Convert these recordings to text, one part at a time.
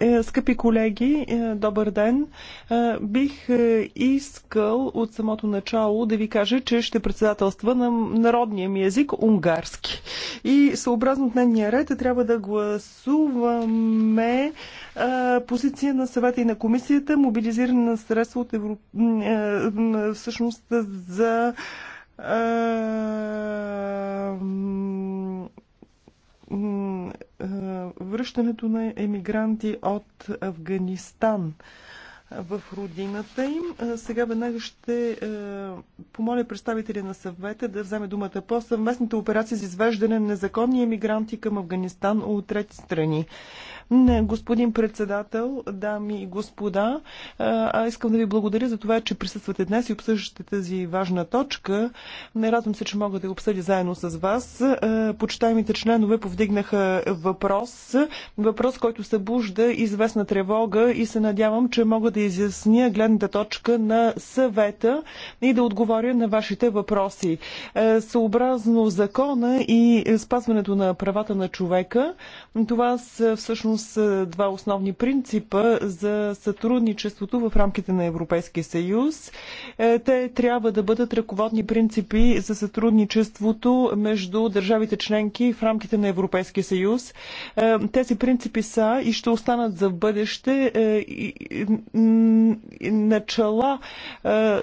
Е, скъпи колеги, е, добър ден! Е, бих искал от самото начало да ви кажа, че ще председателства на народния ми език унгарски. И съобразно дневния ред трябва да гласуваме позиция на съвета и на комисията, мобилизиране на средства от Европ... всъщност за връщането на емигранти от Афганистан в родината им. Сега веднага ще помоля представители на съвета да вземе думата по съвместната операция за извеждане на незаконни емигранти към Афганистан от трети страни. Господин председател, дами и господа, а искам да ви благодаря за това, че присъствате днес и обсъждате тази важна точка. Не радвам се, че мога да я обсъдя заедно с вас. Почитаемите членове повдигнаха въпрос, въпрос, който събужда известна тревога и се надявам, че мога да изясня гледната точка на съвета и да отговоря на вашите въпроси. Съобразно закона и спазването на правата на човека, това са всъщност всъщност е, два основни принципа за сътрудничеството в рамките на Европейския съюз. Е, те трябва да бъдат ръководни принципи за сътрудничеството между държавите членки в рамките на Европейския съюз. Е, тези принципи са и ще останат за бъдеще начала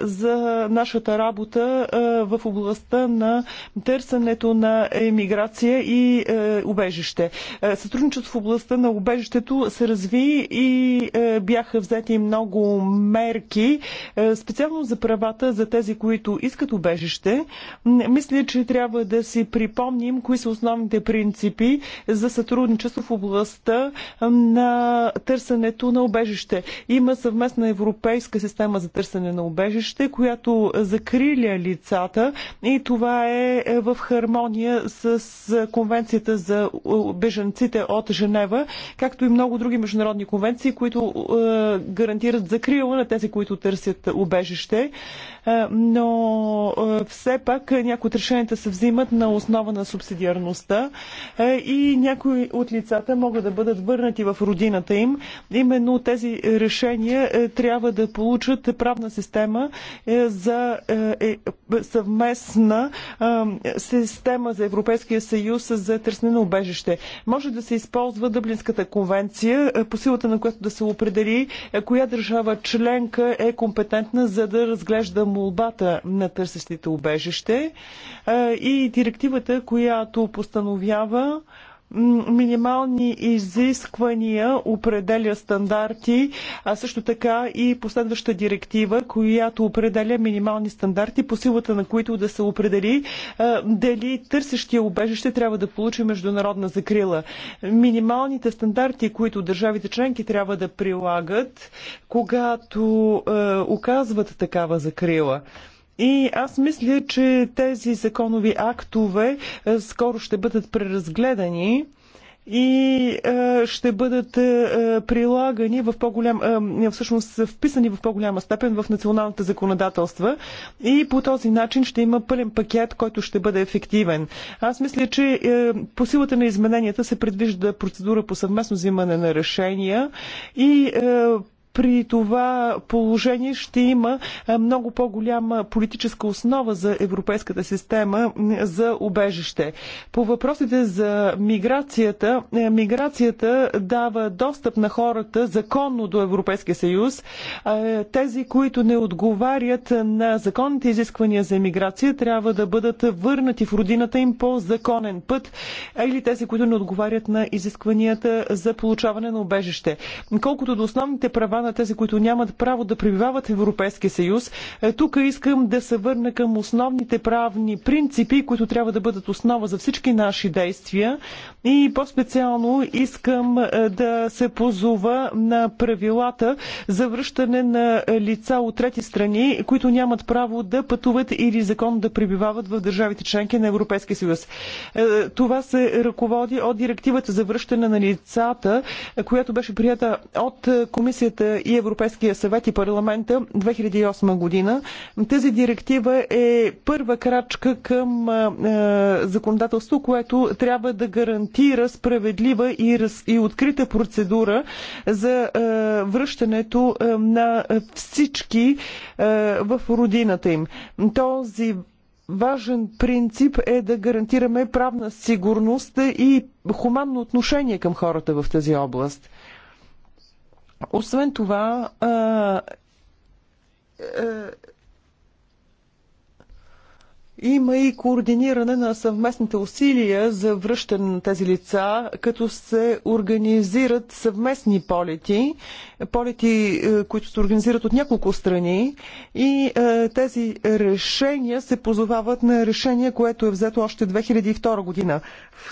за нашата работа в областта на търсенето на емиграция и убежище. Сътрудничество в областта на убежището се разви и е, бяха взети много мерки, е, специално за правата за тези, които искат убежище. Мисля, че трябва да си припомним кои са основните принципи за сътрудничество в областта на търсенето на убежище. Има съвместна европейска система за търсене на убежище, която закриля лицата и това е, е в хармония с Конвенцията за беженците от Женева, както и много други международни конвенции, които е, гарантират закрила на тези, които търсят убежище. Е, но е, все пак някои от решенията се взимат на основа на субсидиарността и някои от лицата могат да бъдат върнати в родината им. Именно тези решения трябва да получат правна система за съвместна система за Европейския съюз за търсене на убежище. Може да се използва Дъблинската Европейската конвенция, е, по силата на която да се определи е, коя държава членка е компетентна за да разглежда молбата на търсещите убежище е, и директивата, която постановява минимални изисквания определя стандарти, а също така и последваща директива, която определя минимални стандарти, по силата на които да се определи е, дали търсещия убежище трябва да получи международна закрила. Минималните стандарти, които държавите членки трябва да прилагат, когато е, оказват такава закрила. И аз мисля, че тези законови актове е, скоро ще бъдат преразгледани и е, ще бъдат е, прилагани в по-голям, е, всъщност вписани в по-голяма степен в националните законодателства и по този начин ще има пълен пакет, който ще бъде ефективен. Аз мисля, че е, по силата на измененията се предвижда процедура по съвместно взимане на решения и е, при това положение ще има е, много по-голяма политическа основа за европейската система за убежище. По въпросите за миграцията, е, миграцията дава достъп на хората законно до Европейския съюз. Е, тези, които не отговарят на законните изисквания за миграция, трябва да бъдат върнати в родината им по законен път или тези, които не отговарят на изискванията за получаване на убежище. Колкото до основните права на на тези, които нямат право да пребивават в Европейския съюз. Е, тук искам да се върна към основните правни принципи, които трябва да бъдат основа за всички наши действия. И по-специално искам е, да се позова на правилата за връщане на лица от трети страни, които нямат право да пътуват или закон да пребивават в държавите членки на Европейския съюз. Е, това се ръководи от директивата за връщане на лицата, която беше прията от комисията и Европейския съвет и парламента 2008 година. Тази директива е първа крачка към законодателство, което трябва да гарантира справедлива и, раз... и открита процедура за връщането на всички в родината им. Този важен принцип е да гарантираме правна сигурност и хуманно отношение към хората в тази област. Освен това, има и координиране на съвместните усилия за връщане на тези лица, като се организират съвместни полети, полети, е, които се организират от няколко страни и е, тези решения се позовават на решение, което е взето още 2002 година.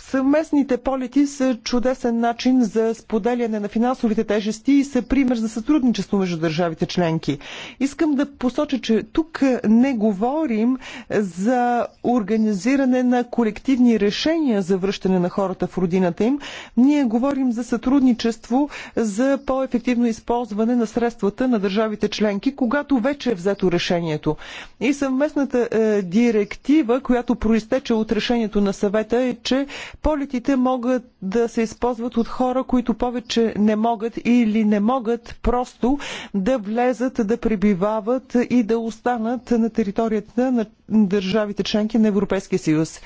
Съвместните полети са чудесен начин за споделяне на финансовите тежести и са пример за сътрудничество между държавите членки. Искам да посоча, че тук не говорим за за организиране на колективни решения за връщане на хората в родината им. Ние говорим за сътрудничество за по-ефективно използване на средствата на държавите членки, когато вече е взето решението. И съвместната е, директива, която проистече от решението на съвета е, че полетите могат да се използват от хора, които повече не могат или не могат просто да влезат, да пребивават и да останат на територията на държавите членки на Европейския съюз.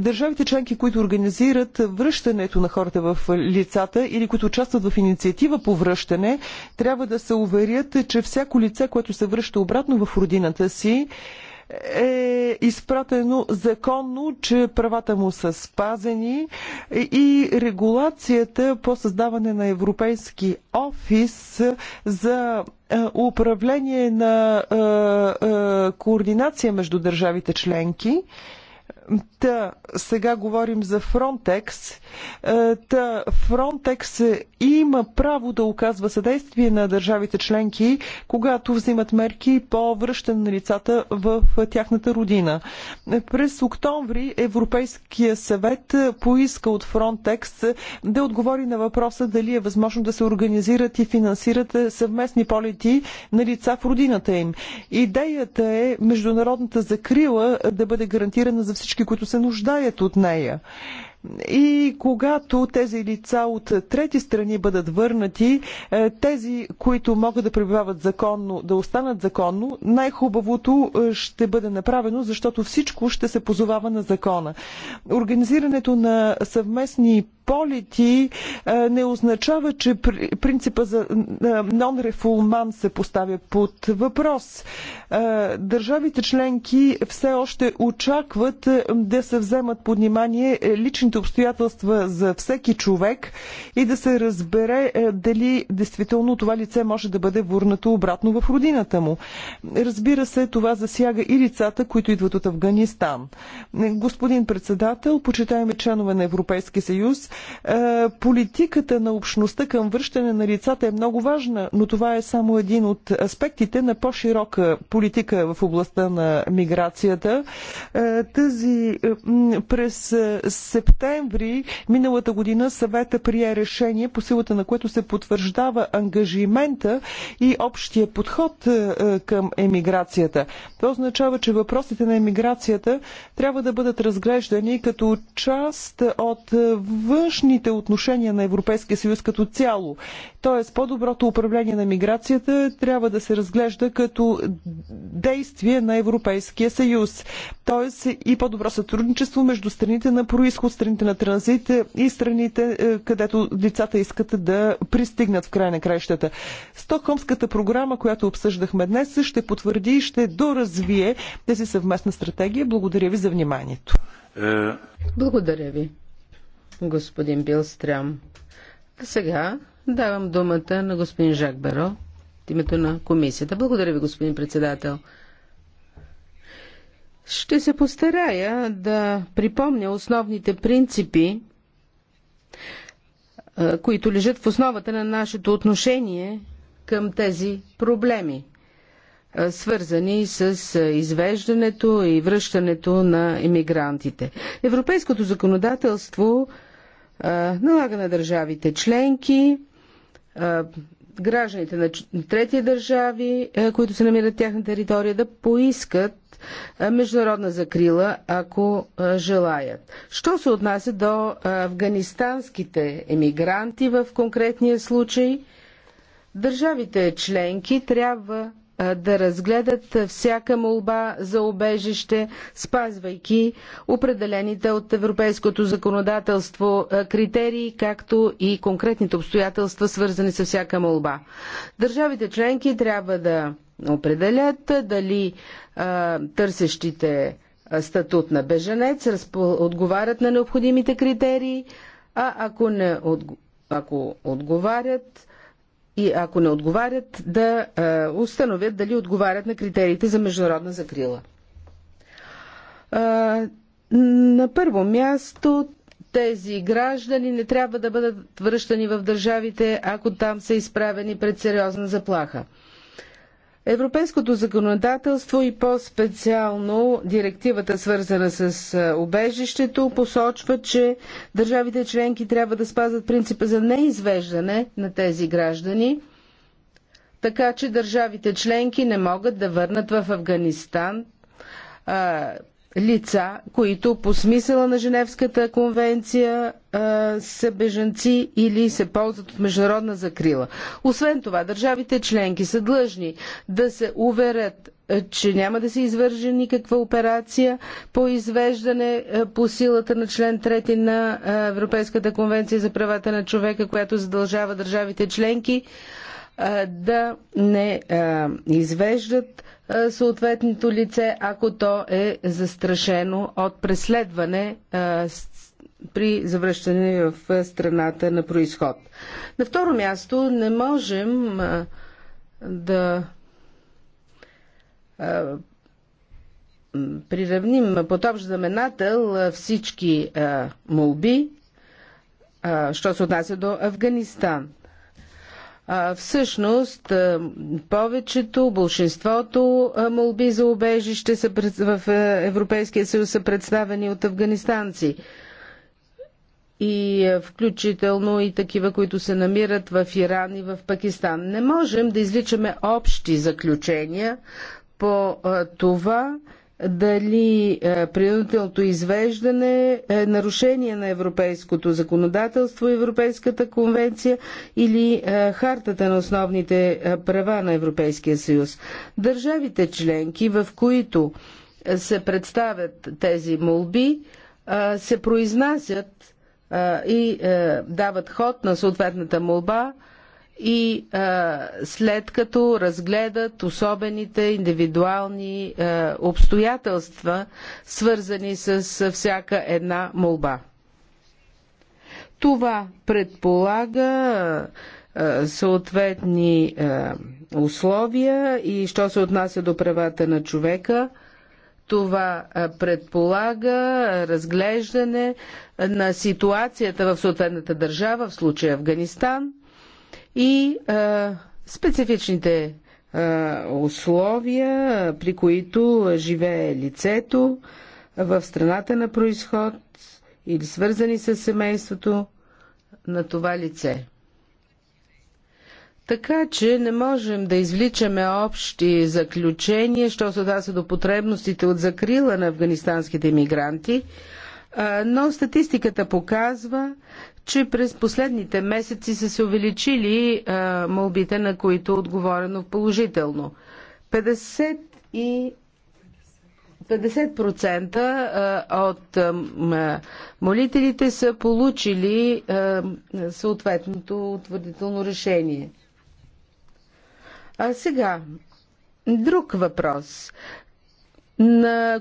Държавите членки, които организират връщането на хората в лицата или които участват в инициатива по връщане, трябва да се уверят, че всяко лице, което се връща обратно в родината си, е изпратено законно, че правата му са спазени и регулацията по създаване на Европейски офис за е, управление на е, е, координация между държавите членки Та, сега говорим за Фронтекс. Та, Фронтекс има право да оказва съдействие на държавите членки, когато взимат мерки по връщане на лицата в тяхната родина. През октомври Европейския съвет поиска от Фронтекс да отговори на въпроса дали е възможно да се организират и финансират съвместни полети на лица в родината им. Идеята е международната закрила да бъде гарантирана за всички всички, които се нуждаят от нея. И когато тези лица от трети страни бъдат върнати, е, тези, които могат да пребивават законно, да останат законно, най-хубавото е, ще бъде направено, защото всичко ще се позовава на закона. Организирането на съвместни полети не означава, че принципа за нон-рефулман се поставя под въпрос. Държавите членки все още очакват да се вземат под внимание е, личните обстоятелства за всеки човек и да се разбере е, дали действително това лице може да бъде върнато обратно в родината му. Разбира се, това засяга и лицата, които идват от Афганистан. Господин председател, почитаеме членове на Европейския съюз, е, политиката на общността към връщане на лицата е много важна, но това е само един от аспектите на по-широка политика в областта на миграцията. Е, тази е, през септември миналата година съвета прие решение, по силата на което се потвърждава ангажимента и общия подход към емиграцията. Това означава, че въпросите на емиграцията трябва да бъдат разглеждани като част от външната външните отношения на Европейския съюз като цяло. Тоест, по-доброто управление на миграцията трябва да се разглежда като действие на Европейския съюз. Тоест и по-добро сътрудничество между страните на происход, страните на транзит и страните, е, където децата искат да пристигнат в края на краищата. Стокхомската програма, която обсъждахме днес, ще потвърди и ще доразвие тази съвместна стратегия. Благодаря ви за вниманието. Е, Благодаря ви господин Билстрям. А сега давам думата на господин Жак Беро от името на комисията. Благодаря ви, господин председател. Ще се постарая да припомня основните принципи, които лежат в основата на нашето отношение към тези проблеми, свързани с извеждането и връщането на емигрантите. Европейското законодателство налага на държавите членки, гражданите на трети държави, които се намират тяхна територия, да поискат международна закрила, ако желаят. Що се отнася до афганистанските емигранти в конкретния случай, държавите членки трябва да разгледат всяка молба за обежище, спазвайки определените от европейското законодателство критерии, както и конкретните обстоятелства, свързани с всяка молба. Държавите членки трябва да определят дали а, търсещите статут на беженец отговарят на необходимите критерии, а ако не ако отговарят, и ако не отговарят, да е, установят дали отговарят на критериите за международна закрила. Е, на първо място тези граждани не трябва да бъдат връщани в държавите, ако там са изправени пред сериозна заплаха. Европейското законодателство и по-специално директивата свързана с убежището посочва, че държавите членки трябва да спазват принципа за неизвеждане на тези граждани, така че държавите членки не могат да върнат в Афганистан лица, които по смисъла на Женевската конвенция са бежанци или се ползват от международна закрила. Освен това, държавите членки са длъжни да се уверят, че няма да се извърже никаква операция по извеждане по силата на член 3 на Европейската конвенция за правата на човека, която задължава държавите членки да не извеждат е, съответното лице, ако то е застрашено от преследване е, при завръщане в страната на происход. На второ място не можем е, да приравним под общ знаменател всички молби, що се отнася до Афганистан всъщност, повечето, большинството молби за убежище са в Европейския съюз са представени от афганистанци. И включително и такива, които се намират в Иран и в Пакистан. Не можем да изличаме общи заключения по това, дали е, принудителното извеждане е нарушение на европейското законодателство, Европейската конвенция или е, хартата на основните е, права на Европейския съюз. Държавите членки, в които се представят тези молби, се произнасят и дават ход на съответната молба и а, след като разгледат особените индивидуални а, обстоятелства, свързани с а, всяка една молба. Това предполага съответни условия и що се отнася до правата на човека, това предполага разглеждане на ситуацията в съответната държава, в случая Афганистан – и а, специфичните а, условия, при които живее лицето в страната на происход или свързани с семейството на това лице. Така че не можем да извличаме общи заключения, що се отнася до потребностите от закрила на афганистанските мигранти, но статистиката показва, че през последните месеци са се увеличили молбите, на които е отговорено положително. 50 и 50% от молителите са получили съответното утвърдително решение. А сега, друг въпрос. На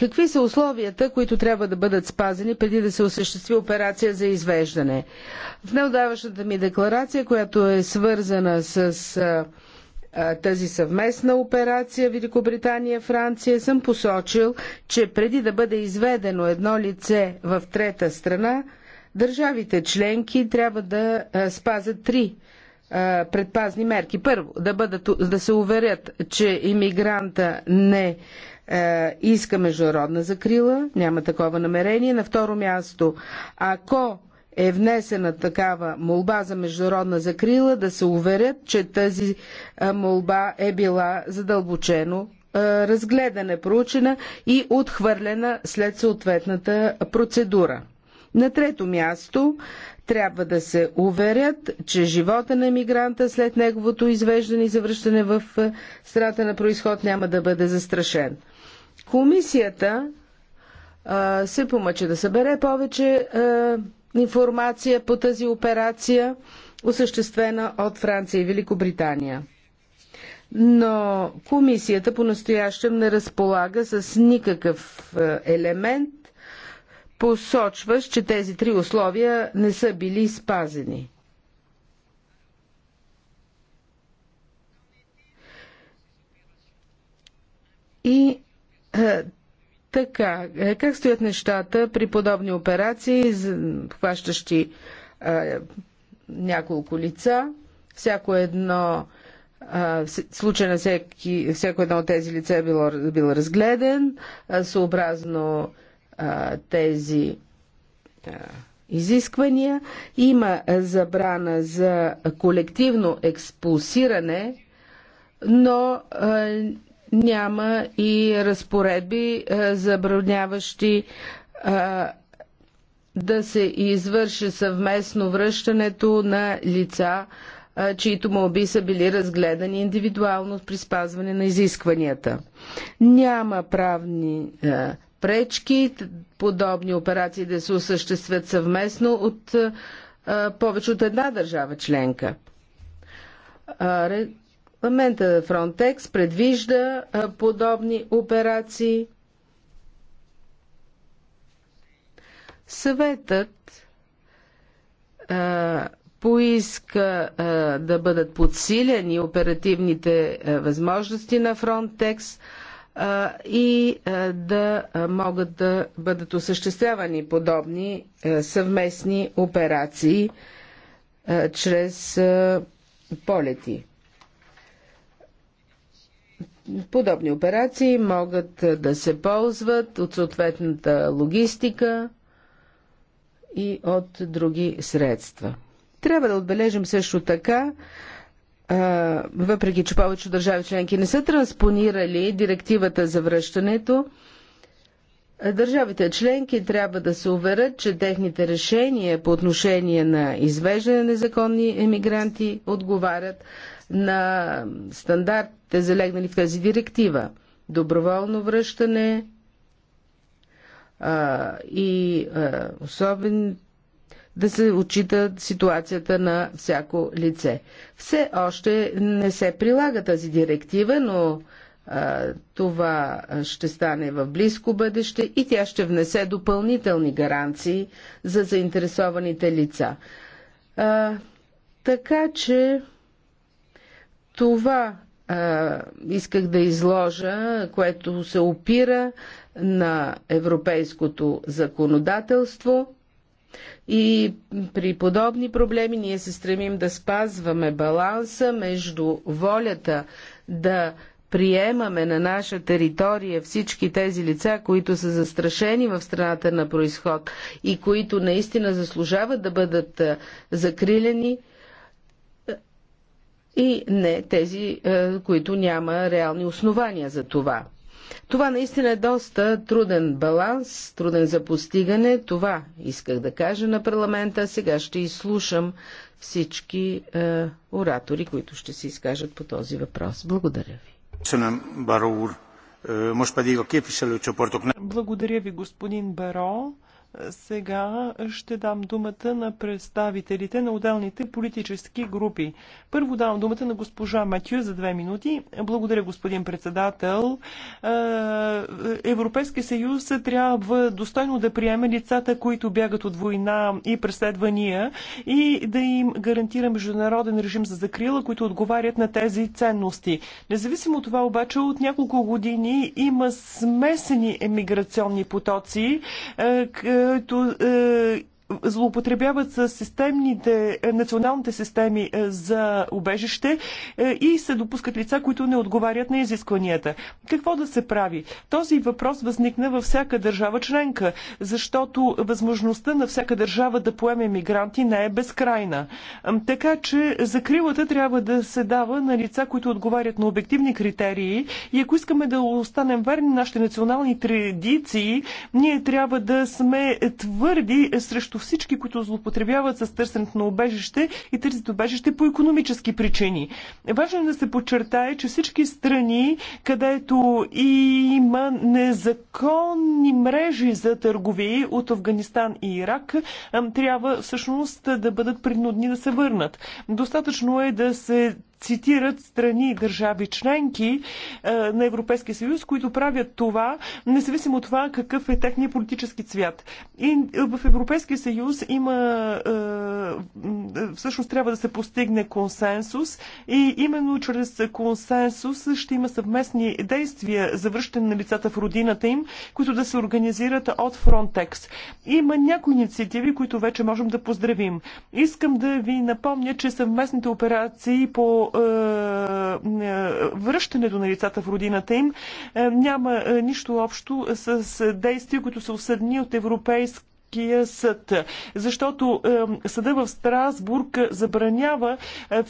Какви са условията, които трябва да бъдат спазени преди да се осъществи операция за извеждане? В неудаващата ми декларация, която е свързана с тази съвместна операция Великобритания-Франция съм посочил, че преди да бъде изведено едно лице в трета страна, държавите членки трябва да спазят три предпазни мерки. Първо, да, бъдат, да се уверят, че иммигранта не е, иска международна закрила, няма такова намерение. На второ място, ако е внесена такава молба за международна закрила, да се уверят, че тази е, молба е била задълбочено е, разгледана, проучена и отхвърлена след съответната процедура. На трето място трябва да се уверят, че живота на емигранта след неговото извеждане и завръщане в страната на происход няма да бъде застрашен. Комисията а, се помъча да събере повече а, информация по тази операция, осъществена от Франция и Великобритания. Но комисията по-настоящем не разполага с никакъв елемент, посочващ, че тези три условия не са били спазени. И е, така, е, как стоят нещата при подобни операции, хващащи а, е, няколко лица? Всяко едно а, случай на всеки, всяко едно от тези лица е било, бил разгледан, а, съобразно а, тези а, изисквания. Има забрана за колективно експулсиране, но а, няма и разпоредби, е, забраняващи е, да се извърши съвместно връщането на лица, е, чието молби са били разгледани индивидуално при спазване на изискванията. Няма правни пречки подобни операции да се осъществят съвместно от повече от една държава членка в момента Фронтекс предвижда подобни операции. Съветът а, поиска а, да бъдат подсилени оперативните а, възможности на Фронтекс а, и а, да а, могат да бъдат осъществявани подобни а, съвместни операции а, чрез а, полети подобни операции могат да се ползват от съответната логистика и от други средства. Трябва да отбележим също така, въпреки че повече държави членки не са транспонирали директивата за връщането, държавите членки трябва да се уверят, че техните решения по отношение на извеждане на незаконни емигранти отговарят на стандартите, залегнали в тази директива. Доброволно връщане а, и а, особен да се отчита ситуацията на всяко лице. Все още не се прилага тази директива, но а, това ще стане в близко бъдеще и тя ще внесе допълнителни гаранции за заинтересованите лица. А, така че това а, исках да изложа, което се опира на европейското законодателство. И при подобни проблеми ние се стремим да спазваме баланса между волята да приемаме на наша територия всички тези лица, които са застрашени в страната на происход и които наистина заслужават да бъдат закрилени и не тези, е, които няма реални основания за това. Това наистина е доста труден баланс, труден за постигане. Това исках да кажа на парламента. Сега ще изслушам всички е, оратори, които ще се изкажат по този въпрос. Благодаря ви. Е, Благодаря ви, господин Баро. Сега ще дам думата на представителите на отделните политически групи. Първо давам думата на госпожа Матю за две минути. Благодаря, господин председател. Е, Европейския съюз трябва достойно да приеме лицата, които бягат от война и преследвания и да им гарантира международен режим за закрила, които отговарят на тези ценности. Независимо от това обаче, от няколко години има смесени емиграционни потоци, е, е, който е, злоупотребяват с системните, е, националните системи е, за убежище е, и се допускат лица, които не отговарят на изискванията. Какво да се прави? Този въпрос възникна във всяка държава членка, защото възможността на всяка държава да поеме мигранти не е безкрайна. Така че закрилата трябва да се дава на лица, които отговарят на обективни критерии и ако искаме да останем верни на нашите национални традиции, ние трябва да сме твърди срещу всички, които злоупотребяват с търсенето на обежище и търсят обежище по економически причини. Важно е да се подчертае, че всички страни, където има незаконни мрежи за търговии от Афганистан и Ирак, трябва всъщност да бъдат принудни да се върнат. Достатъчно е да се цитират страни и държави членки е, на Европейския съюз, които правят това, независимо от това какъв е техният политически цвят. И е, в Европейския съюз има е, всъщност трябва да се постигне консенсус и именно чрез консенсус ще има съвместни действия за връщане на лицата в родината им, които да се организират от Frontex. Има някои инициативи, които вече можем да поздравим. Искам да ви напомня, че съвместните операции по е, е, връщането на лицата в родината им е, няма нищо общо с действия, които са осъдни от европейски Европейския съд, защото е, съда в Страсбург забранява е,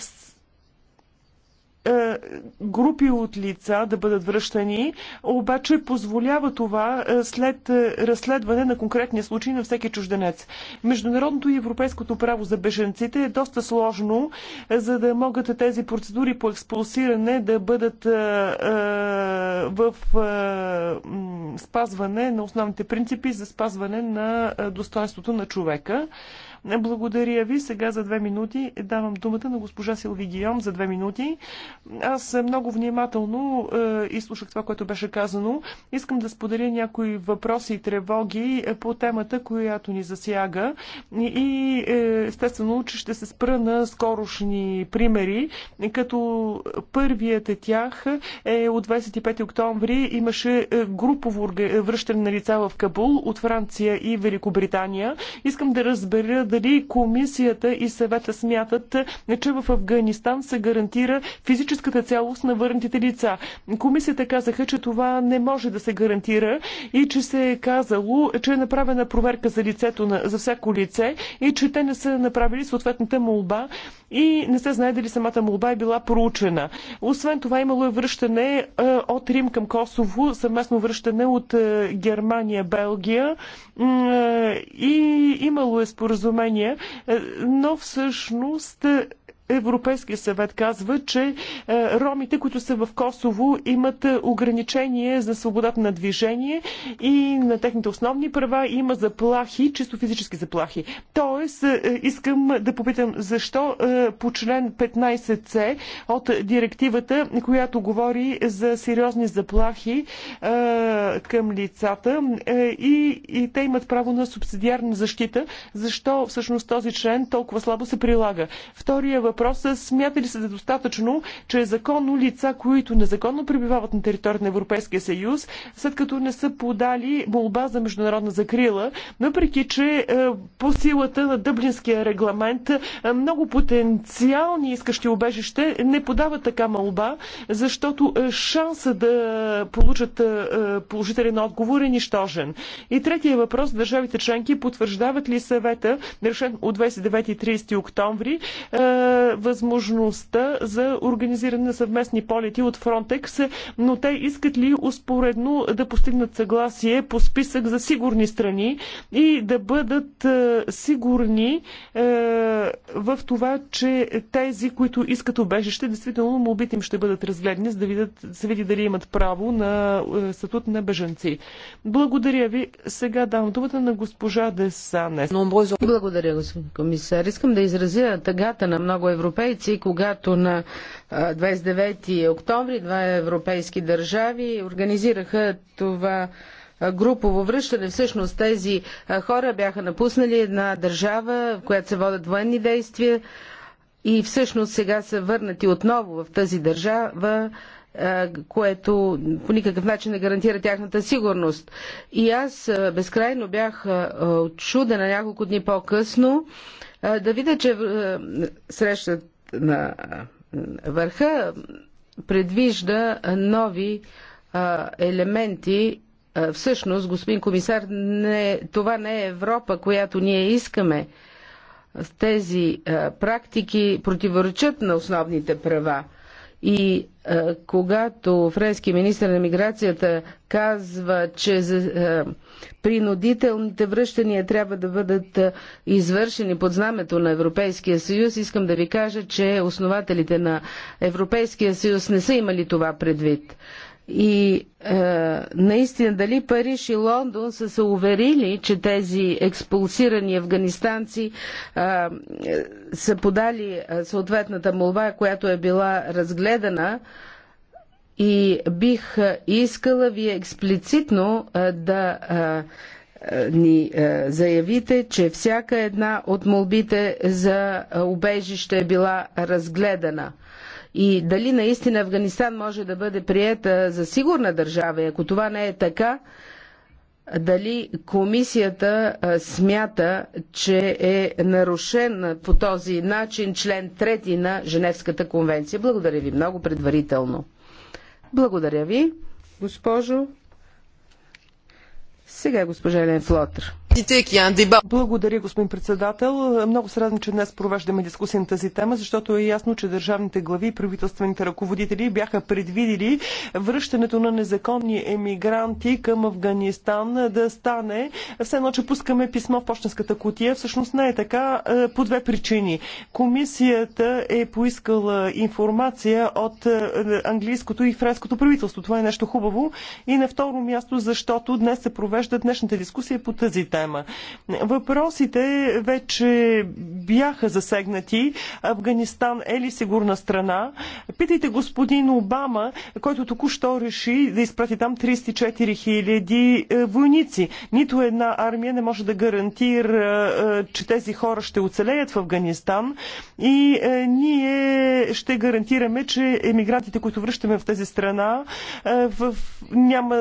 е, групи от лица да бъдат връщани, обаче позволява това е, след е, разследване на конкретния случай на всеки чужденец. Международното и европейското право за беженците е доста сложно, за да могат тези процедури по експулсиране да бъдат в спазване на основните принципи за спазване на достоинството на човека. Благодаря ви. Сега за две минути давам думата на госпожа Силви Гион за две минути. Аз много внимателно е, изслушах това, което беше казано. Искам да споделя някои въпроси и тревоги е, по темата, която ни засяга. И е, естествено, че ще се спра на скорошни примери, като първият е тях е от 25 октомври имаше е, групово връщане на лица в Кабул от Франция и Великобритания. Искам да разбера дали комисията и съвета смятат, че в Афганистан се гарантира физическата цялост на върнатите лица. Комисията казаха, че това не може да се гарантира и че се е казало, че е направена проверка за лицето на, за всяко лице и че те не са направили съответната молба и не се знае дали самата молба е била проучена. Освен това имало е връщане е, от Рим към Косово, съвместно връщане от е, Германия, Белгия е, и имало е споразумение, но всъщност Европейския съвет казва, че е, ромите, които са в Косово, имат е, ограничение за свободата на движение и на техните основни права има заплахи, чисто физически заплахи. Тоест, е, искам да попитам защо по член 15c от директивата, която говори за сериозни заплахи към лицата и, и те имат право на субсидиарна защита, защо всъщност този член толкова слабо се прилага. Втория въпрос въпроса смята ли се за достатъчно, че е законно лица, които незаконно пребивават на територията на Европейския съюз, след като не са подали молба за международна закрила, въпреки че е, по силата на Дъблинския регламент е, много потенциални искащи обежище не подават така молба, защото е, шанса да получат положителен отговор е нищожен. И третия въпрос, държавите членки потвърждават ли съвета, решен от 29 и 30 октомври, възможността за организиране на съвместни полети от Frontex, но те искат ли успоредно да постигнат съгласие по списък за сигурни страни и да бъдат е, сигурни е, в това, че тези, които искат обежище, действително молбите им ще бъдат разгледани, за да, видят, да се види дали имат право на е, статут на бежанци. Благодаря ви. Сега давам думата на госпожа Десанес. Благодаря, господин комисар. Искам да изразя тъгата на много европейци, когато на 29 октомври два европейски държави организираха това групово връщане. Всъщност тези хора бяха напуснали една държава, в която се водят военни действия и всъщност сега са върнати отново в тази държава което по никакъв начин не гарантира тяхната сигурност. И аз безкрайно бях отчудена няколко дни по-късно да видя, че срещат на върха предвижда нови елементи всъщност, господин комисар, не, това не е Европа, която ние искаме. Тези практики противоречат на основните права. И а, е, когато френски министр на миграцията казва, че а, е, принудителните връщания трябва да бъдат а, е, извършени под знамето на Европейския съюз, искам да ви кажа, че основателите на Европейския съюз не са имали това предвид. И е, наистина дали Париж и Лондон са се уверили, че тези експулсирани афганистанци е, са подали е, съответната молба, която е била разгледана. И бих е, искала вие експлицитно е, да. Е, е ни заявите, че всяка една от молбите за убежище е била разгледана и дали наистина Афганистан може да бъде приета за сигурна държава и ако това не е така, дали комисията смята, че е нарушен по този начин член 3 на Женевската конвенция. Благодаря ви много предварително. Благодаря ви, госпожо. Сега госпожа Елен Флотър. Благодаря, господин председател. Много се радвам, че днес провеждаме дискусия на тази тема, защото е ясно, че държавните глави и правителствените ръководители бяха предвидили връщането на незаконни емигранти към Афганистан да стане. Все едно, че пускаме писмо в почтенската кутия. Всъщност не е така е, по две причини. Комисията е поискала информация от е, английското и френското правителство. Това е нещо хубаво. И на второ място, защото днес се провежда днешната дискусия по тази тема тема. Въпросите вече бяха засегнати. Афганистан е ли сигурна страна? Питайте господин Обама, който току-що реши да изпрати там 34 хиляди е, войници. Нито една армия не може да гарантира, е, че тези хора ще оцелеят в Афганистан и е, ние ще гарантираме, че емигрантите, които връщаме в тази страна, в, няма,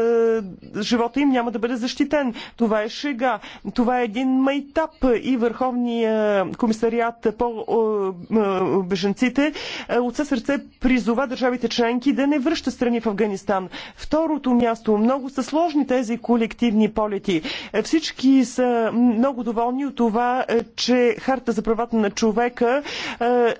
живота им няма да бъде защитен. Това е шега. Това е един майтап и Върховния комисариат по е, е, беженците е, от със сърце призова държавите членки да не връща страни в Афганистан. Второто място, много са сложни тези колективни полети. Всички са много доволни от това, че Харта за правата на човека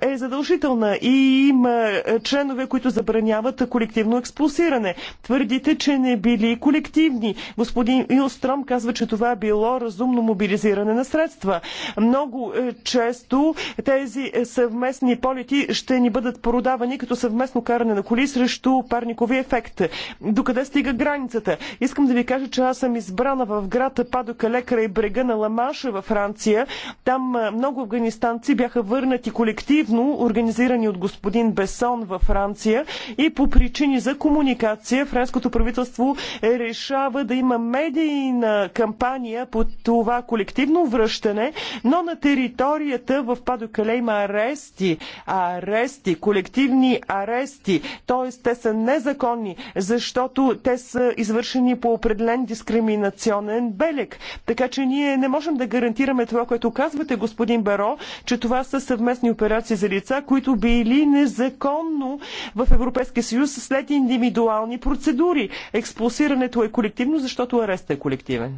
е задължителна и има членове, които забраняват колективно експулсиране. Твърдите, че не били колективни. Господин Илстром казва, че това било по-разумно мобилизиране на средства. Много е, често тези е, съвместни полети ще ни бъдат продавани като съвместно каране на коли срещу парникови ефект. Докъде стига границата? Искам да ви кажа, че аз съм избрана в град Лекара и брега на Ламаша във Франция. Там е, много афганистанци бяха върнати колективно, организирани от господин Бесон във Франция и по причини за комуникация френското правителство решава да има медийна кампания по това колективно връщане, но на територията в Падокале има арести, арести, колективни арести, т.е. те са незаконни, защото те са извършени по определен дискриминационен белег. Така че ние не можем да гарантираме това, което казвате, господин Баро, че това са съвместни операции за лица, които били незаконно в Европейския съюз след индивидуални процедури. Експулсирането е колективно, защото арестът е колективен.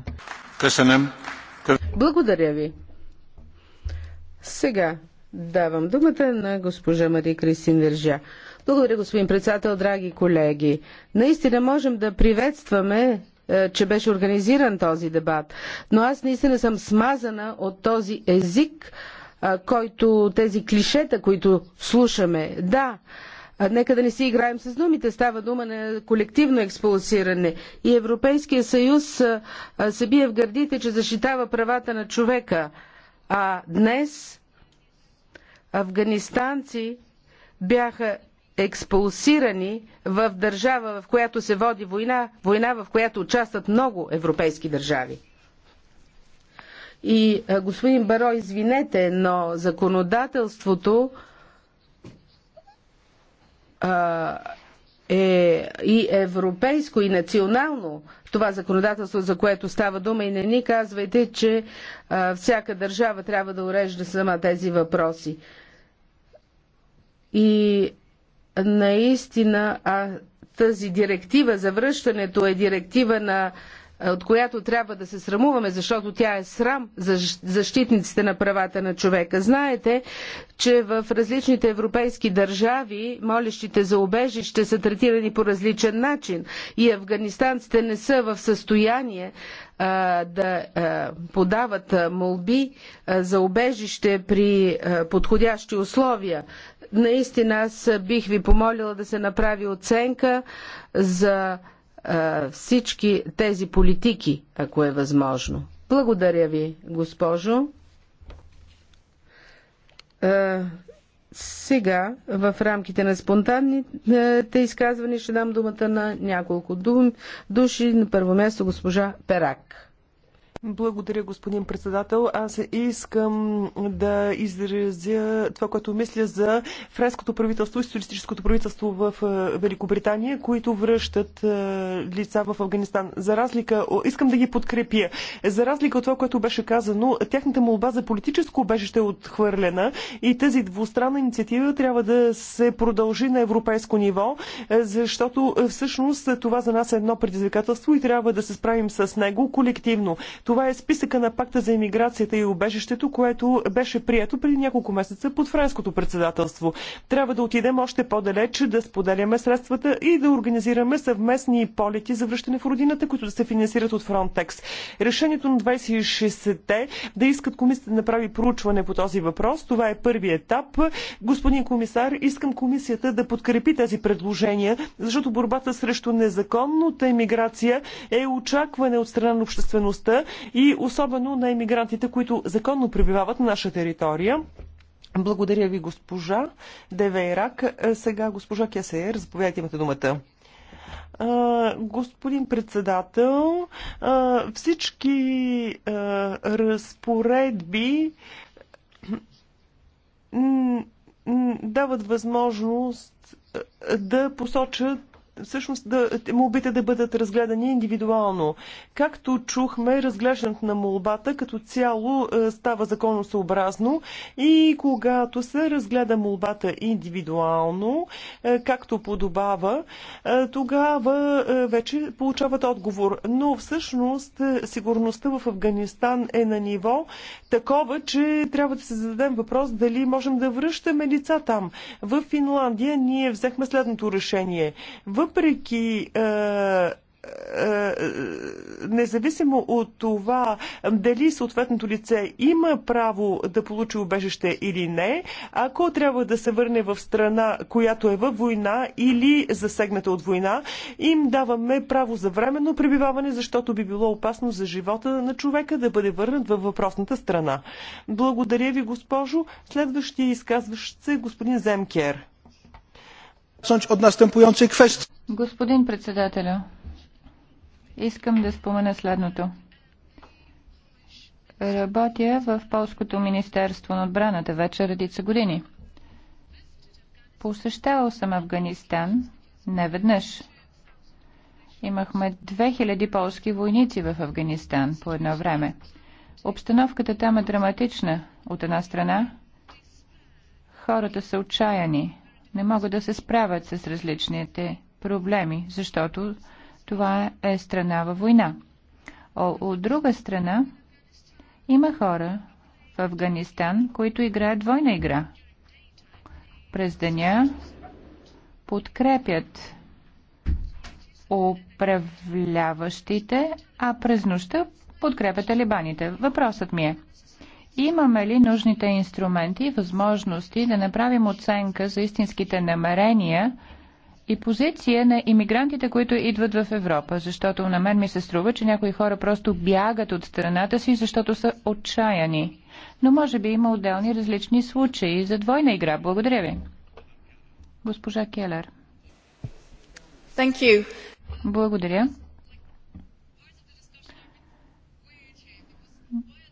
Благодаря ви. Сега давам думата на госпожа Мари Кристин Вержа. Благодаря, господин председател, драги колеги. Наистина можем да приветстваме е, че беше организиран този дебат. Но аз наистина съм смазана от този език, е, който тези клишета, които слушаме. Да, Нека да не си играем с думите. Става дума на колективно експулсиране. И Европейския съюз се бие в гърдите, че защитава правата на човека. А днес афганистанци бяха експулсирани в държава, в която се води война, война в която участват много европейски държави. И господин Баро, извинете, но законодателството е и европейско, и национално това законодателство, за което става дума, и не ни казвайте, че а, всяка държава трябва да урежда сама тези въпроси. И наистина а, тази директива за връщането е директива на е, от която трябва да се срамуваме, защото тя е срам за защитниците на правата на човека. Знаете, че в различните европейски държави молещите за убежище са третирани по различен начин и афганистанците не са в състояние а, да а, подават молби а, за убежище при подходящи условия. Наистина аз бих ви помолила да се направи оценка за всички тези политики, ако е възможно. Благодаря ви, госпожо. Сега, в рамките на спонтанните изказвания, ще дам думата на няколко души. На първо място госпожа Перак. Благодаря, господин председател. Аз искам да изразя това, което мисля за френското правителство и социалистическото правителство в е, Великобритания, които връщат е, лица в Афганистан. За разлика, искам да ги подкрепя. За разлика от това, което беше казано, тяхната молба за политическо обежище е отхвърлена и тази двустранна инициатива трябва да се продължи на европейско ниво, е, защото всъщност това за нас е едно предизвикателство и трябва да се справим с него колективно. Това е списъка на пакта за иммиграцията и убежището, което беше прието преди няколко месеца под френското председателство. Трябва да отидем още по-далеч, да споделяме средствата и да организираме съвместни полети за връщане в родината, които да се финансират от Frontex. Решението на 26-те да искат комисията да направи проучване по този въпрос. Това е първи етап. Господин комисар, искам комисията да подкрепи тези предложения, защото борбата срещу незаконната иммиграция е очакване от страна на обществеността и особено на емигрантите, които законно пребивават на наша територия. Благодаря ви, госпожа Девейрак. Е, сега госпожа Кесеер, заповядайте, имате думата. Господин председател, всички разпоредби дават възможност да посочат всъщност да, молбите да бъдат разгледани индивидуално. Както чухме, разглеждането на молбата като цяло е, става законосъобразно и когато се разгледа молбата индивидуално, е, както подобава, е, тогава вече получават отговор. Но всъщност сигурността в Афганистан е на ниво такова, че трябва да се зададем въпрос дали можем да връщаме лица там. В Финландия ние взехме следното решение. В въпреки е, е, независимо от това дали съответното лице има право да получи убежище или не, ако трябва да се върне в страна, която е във война или засегната от война, им даваме право за временно пребиваване, защото би било опасно за живота на човека да бъде върнат във въпросната страна. Благодаря ви, госпожо. Следващия изказващ се господин Земкер zacząć od następującej kwestii. Господин председателю, искам да спомена следното. Работя в Полското министерство на отбраната вече редица години. Посещавал съм Афганистан не веднъж. Имахме 2000 полски войници в Афганистан по едно време. Обстановката там е драматична. От една страна, хората са отчаяни не могат да се справят с различните проблеми, защото това е страна във война. О, от друга страна, има хора в Афганистан, които играят двойна игра. През деня подкрепят управляващите, а през нощта подкрепят талибаните. Въпросът ми е – Имаме ли нужните инструменти и възможности да направим оценка за истинските намерения и позиция на иммигрантите, които идват в Европа? Защото на мен ми се струва, че някои хора просто бягат от страната си, защото са отчаяни. Но може би има отделни различни случаи за двойна игра. Благодаря ви. Госпожа Келер. Thank you. Благодаря.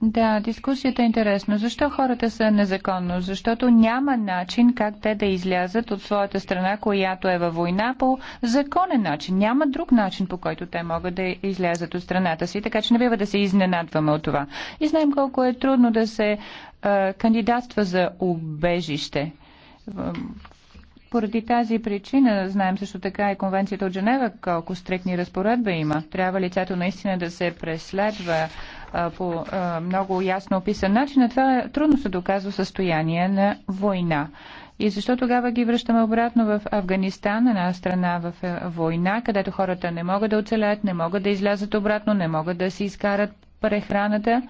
Да, дискусията е интересна. Защо хората са незаконно? Защото няма начин как те да излязат от своята страна, която е във война по законен начин. Няма друг начин, по който те могат да излязат от страната си, така че не бива да се изненадваме от това. И знаем колко е трудно да се е, кандидатства за убежище. Поради тази причина знаем също така и конвенцията от Женева колко стрикни разпоредби има. Трябва лицето наистина да се преследва по много ясно описан начин, а това е трудно се доказва състояние на война. И защо тогава ги връщаме обратно в Афганистан, една страна в е, война, където хората не могат да оцелят, не могат да излязат обратно, не могат да си изкарат прехраната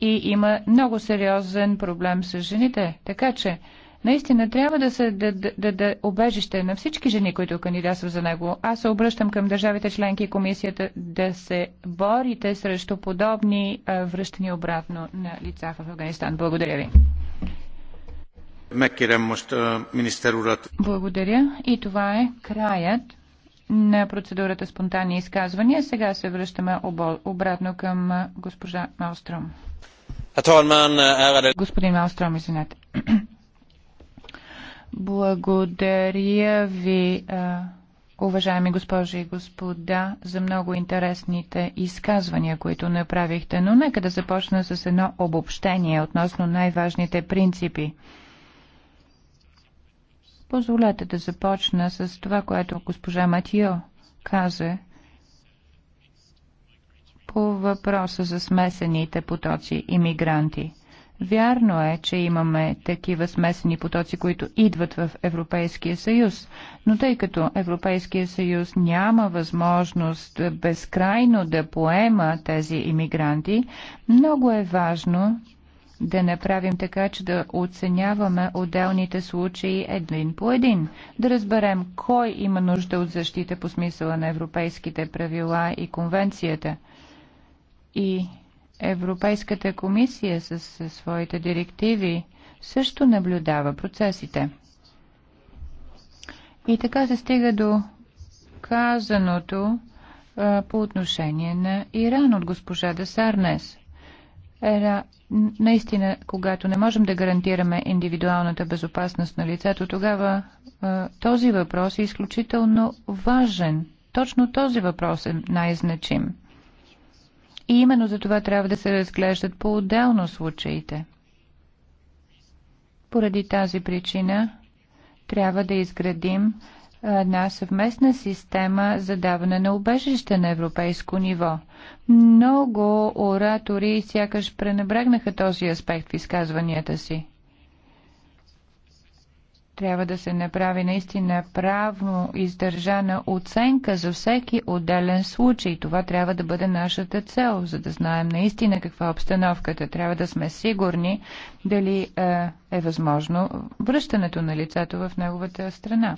и има много сериозен проблем с жените. Така че Наистина трябва да се да, да, да, обежище на всички жени, които кандидатстват за него. Аз се обръщам към държавите членки и комисията да се борите срещу подобни връщани обратно на лица в Афганистан. Благодаря ви. Благодаря. И това е краят на процедурата спонтанни изказвания. Сега се връщаме обратно към госпожа Малстром. Господин Малстром, извинете. Благодаря ви, уважаеми госпожи и господа, за много интересните изказвания, които направихте, но нека да започна с едно обобщение относно най-важните принципи. Позволете да започна с това, което госпожа Матио каза по въпроса за смесените потоци иммигранти – Вярно е, че имаме такива смесени потоци, които идват в Европейския съюз, но тъй като Европейския съюз няма възможност безкрайно да поема тези иммигранти, много е важно да направим така, че да оценяваме отделните случаи един по един, да разберем кой има нужда от защита по смисъла на европейските правила и конвенцията. И Европейската комисия с своите директиви също наблюдава процесите. И така се стига до казаното а, по отношение на Иран от госпожа Десарнес. Ера, наистина, когато не можем да гарантираме индивидуалната безопасност на лицето, тогава а, този въпрос е изключително важен. Точно този въпрос е най-значим. И именно за това трябва да се разглеждат по-отделно случаите. Поради тази причина трябва да изградим една съвместна система за даване на убежище на европейско ниво. Много оратори сякаш пренебрегнаха този аспект в изказванията си трябва да се направи наистина правно издържана оценка за всеки отделен случай. Това трябва да бъде нашата цел, за да знаем наистина каква е обстановката. Трябва да сме сигурни дали е, е възможно връщането на лицето в неговата страна.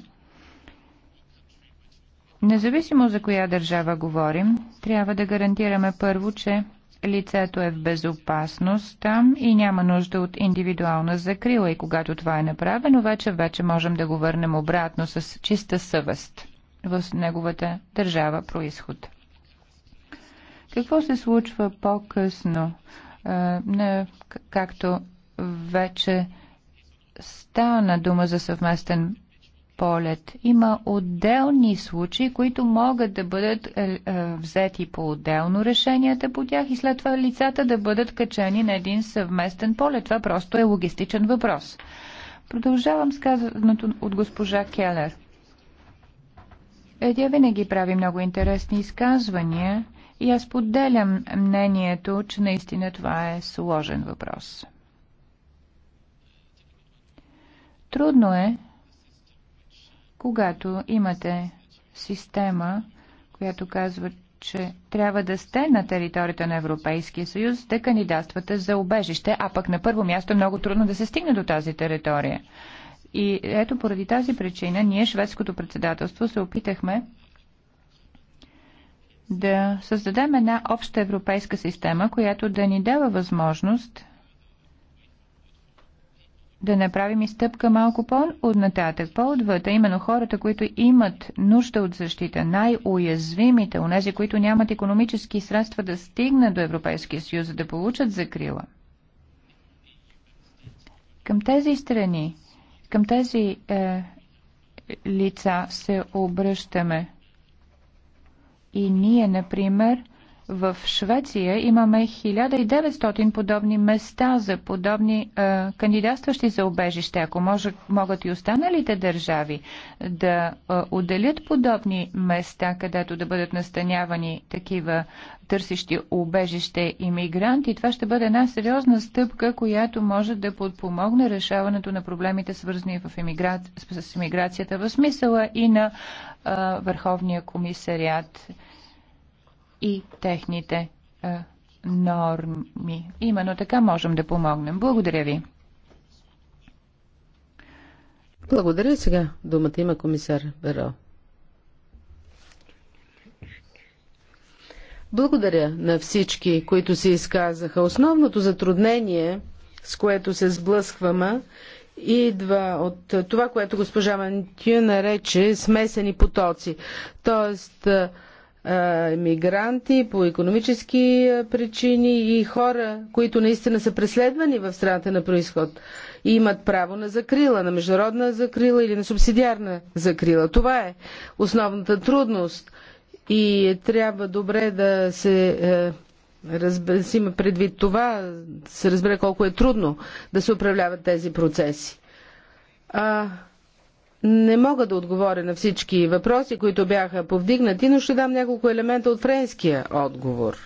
Независимо за коя държава говорим, трябва да гарантираме първо, че лицето е в безопасност там и няма нужда от индивидуална закрила. И когато това е направено, вече вече можем да го върнем обратно с чиста съвест в неговата държава происход. Какво се случва по-късно? Е, както вече стана дума за съвместен полет. Има отделни случаи, които могат да бъдат е, е, взети по-отделно решенията по тях и след това лицата да бъдат качени на един съвместен полет. Това просто е логистичен въпрос. Продължавам с казаното от госпожа Келер. Едя тя винаги прави много интересни изказвания и аз подделям мнението, че наистина това е сложен въпрос. Трудно е когато имате система, която казва, че трябва да сте на територията на Европейския съюз, да кандидатствате за убежище, а пък на първо място е много трудно да се стигне до тази територия. И ето поради тази причина ние, шведското председателство, се опитахме да създадем една обща европейска система, която да ни дава възможност да направим и стъпка малко по-отнататък, по-отвъд, а именно хората, които имат нужда от защита, най-уязвимите, онези, които нямат економически средства да стигнат до Европейския съюз, за да получат закрила. Към тези страни, към тези е, лица се обръщаме. И ние, например, в Швеция имаме 1900 подобни места за подобни е, кандидатстващи за обежище. Ако може, могат и останалите държави да е, отделят подобни места, където да бъдат настанявани такива търсещи обежище иммигранти, това ще бъде една сериозна стъпка, която може да подпомогне решаването на проблемите, свързани в емигра... с иммиграцията, в смисъла и на е, Върховния комисариат и техните е, норми. Именно така можем да помогнем. Благодаря ви. Благодаря сега. Думата има комисар Беро. Благодаря на всички, които се изказаха. Основното затруднение, с което се сблъскваме, идва от това, което госпожа Мантю нарече смесени потоци. Тоест, е, мигранти по економически причини и хора, които наистина са преследвани в страната на происход и имат право на закрила, на международна закрила или на субсидиарна закрила. Това е основната трудност и е, трябва добре е, да се има предвид това, да се разбере колко е трудно да се управляват тези процеси. А, не мога да отговоря на всички въпроси, които бяха повдигнати, но ще дам няколко елемента от френския отговор.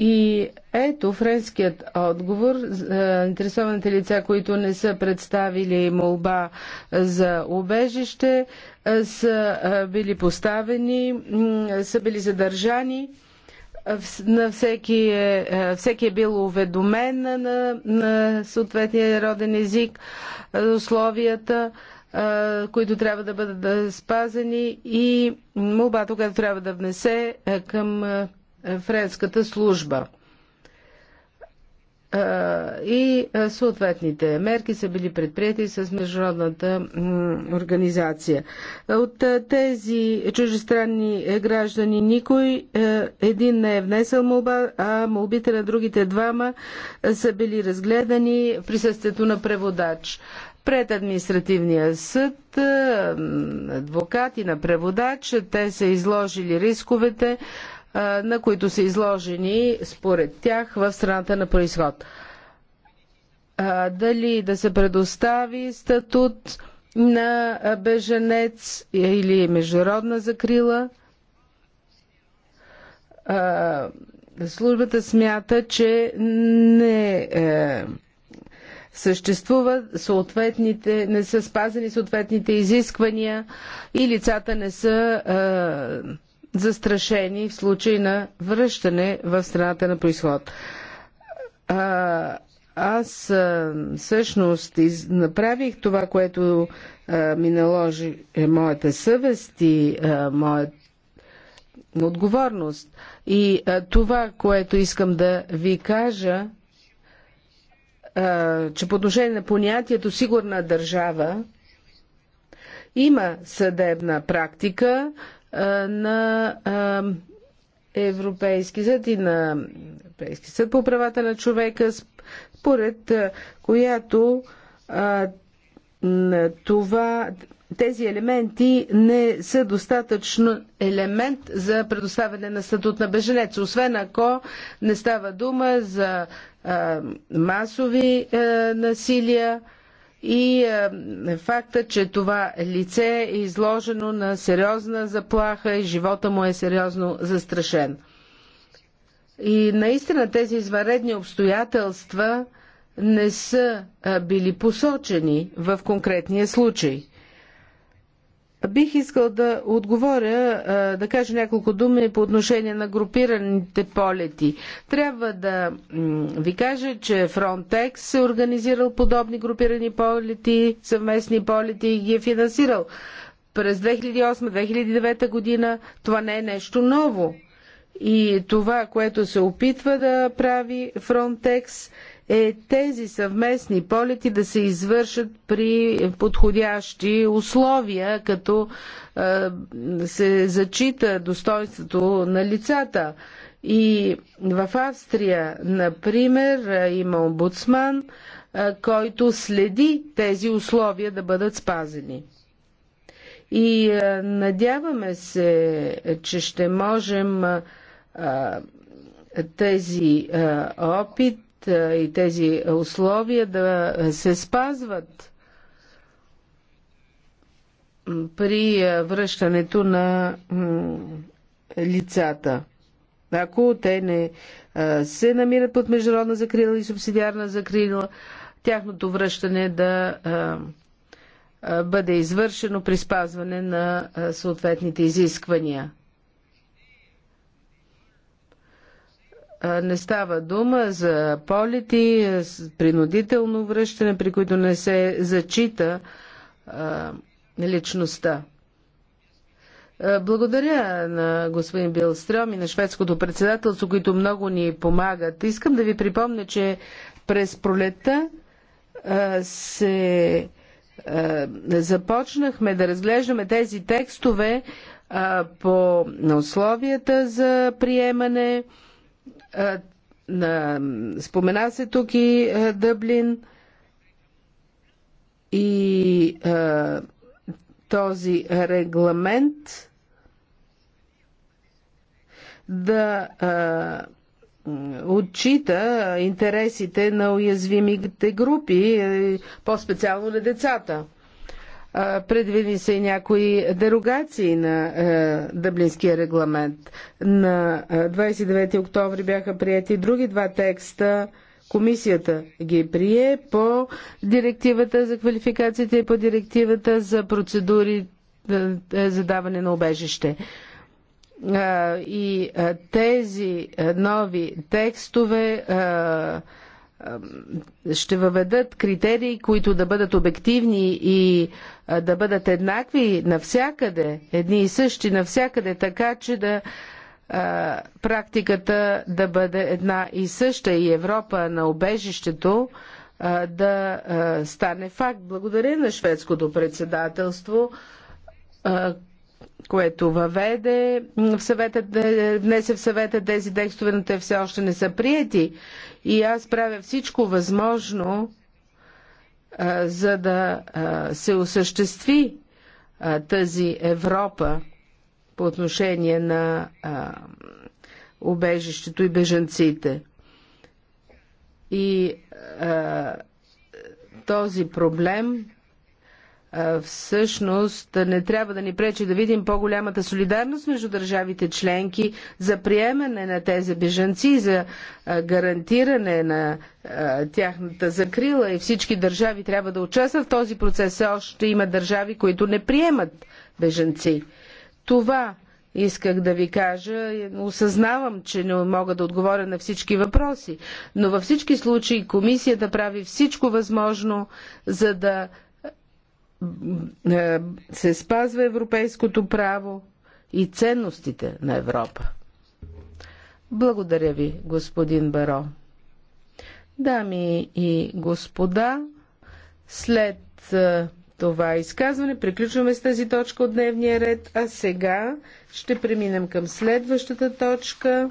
И ето френският отговор. Е, интересованите лица, които не са представили молба за убежище, е, са е, били поставени, са били задържани на всеки, е, е, всеки е бил уведомен на, на съответния роден език, е, условията, е, които трябва да бъдат спазени и молбата, която трябва да внесе към френската служба и съответните мерки са били предприяти с международната организация. От тези чужестранни е, граждани никой е, един не е внесъл молба, а молбите на другите двама са били разгледани в присъствието на преводач. Пред административния съд, адвокати на преводач, те са изложили рисковете, на които са изложени според тях в страната на происход. Дали да се предостави статут на беженец или международна закрила, службата смята, че не съществуват, съществува съответните, не са спазени съответните изисквания и лицата не са е, застрашени в случай на връщане в страната на происход. А, аз а, всъщност из, направих това, което а, ми наложи е моята съвест и а, моят отговорност. И а, това, което искам да ви кажа, а, че по отношение на понятието сигурна държава, има съдебна практика, а, на Европейски съд и на Европейски съд по правата на човека, според която това, тези елементи не са достатъчно елемент за предоставяне на статут на беженец, освен ако не става дума за а, масови а, насилия, и е, факта, че това лице е изложено на сериозна заплаха и живота му е сериозно застрашен. И наистина тези изваредни обстоятелства не са е, били посочени в конкретния случай – Бих искал да отговоря, да кажа няколко думи по отношение на групираните полети. Трябва да ви кажа, че Frontex е организирал подобни групирани полети, съвместни полети и ги е финансирал. През 2008-2009 година това не е нещо ново. И това, което се опитва да прави Frontex е тези съвместни полети да се извършат при подходящи условия, като се зачита достоинството на лицата. И в Австрия, например, има омбудсман, който следи тези условия да бъдат спазени. И надяваме се, че ще можем тези опит и тези условия да се спазват при връщането на лицата. Ако те не се намират под международна закрила и субсидиарна закрила, тяхното връщане да бъде извършено при спазване на съответните изисквания. не става дума за полети, принудително връщане, при които не се зачита личността. Благодаря на господин Билстрем и на шведското председателство, които много ни помагат. Искам да ви припомня, че през пролета се започнахме да разглеждаме тези текстове по условията за приемане, на, спомена се тук и а, Дъблин и а, този регламент да а, отчита интересите на уязвимите групи, е, по-специално на децата. Предвидени са и някои дерогации на Дъблинския регламент. На 29 октомври бяха прияти други два текста. Комисията ги прие по директивата за квалификацията и по директивата за процедури е, за даване на обежище. И тези нови текстове ще въведат критерии, които да бъдат обективни и да бъдат еднакви навсякъде, едни и същи навсякъде, така че да практиката да бъде една и съща и Европа на обежището да стане факт. Благодаря на шведското председателство, което въведе в съвета, днес е в съвета тези текстове, но те все още не са прияти. И аз правя всичко възможно, а, за да а, се осъществи а, тази Европа по отношение на а, убежището и бежанците. И а, този проблем всъщност не трябва да ни пречи да видим по-голямата солидарност между държавите членки за приемане на тези бежанци, за гарантиране на тяхната закрила и всички държави трябва да участват в този процес. Все още има държави, които не приемат бежанци. Това исках да ви кажа. Осъзнавам, че не мога да отговоря на всички въпроси, но във всички случаи комисията прави всичко възможно, за да е, се спазва европейското право и ценностите на Европа. Благодаря ви, господин Баро. Дами и господа, след е, това изказване приключваме с тази точка от дневния ред, а сега ще преминем към следващата точка.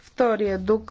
Втория доклад.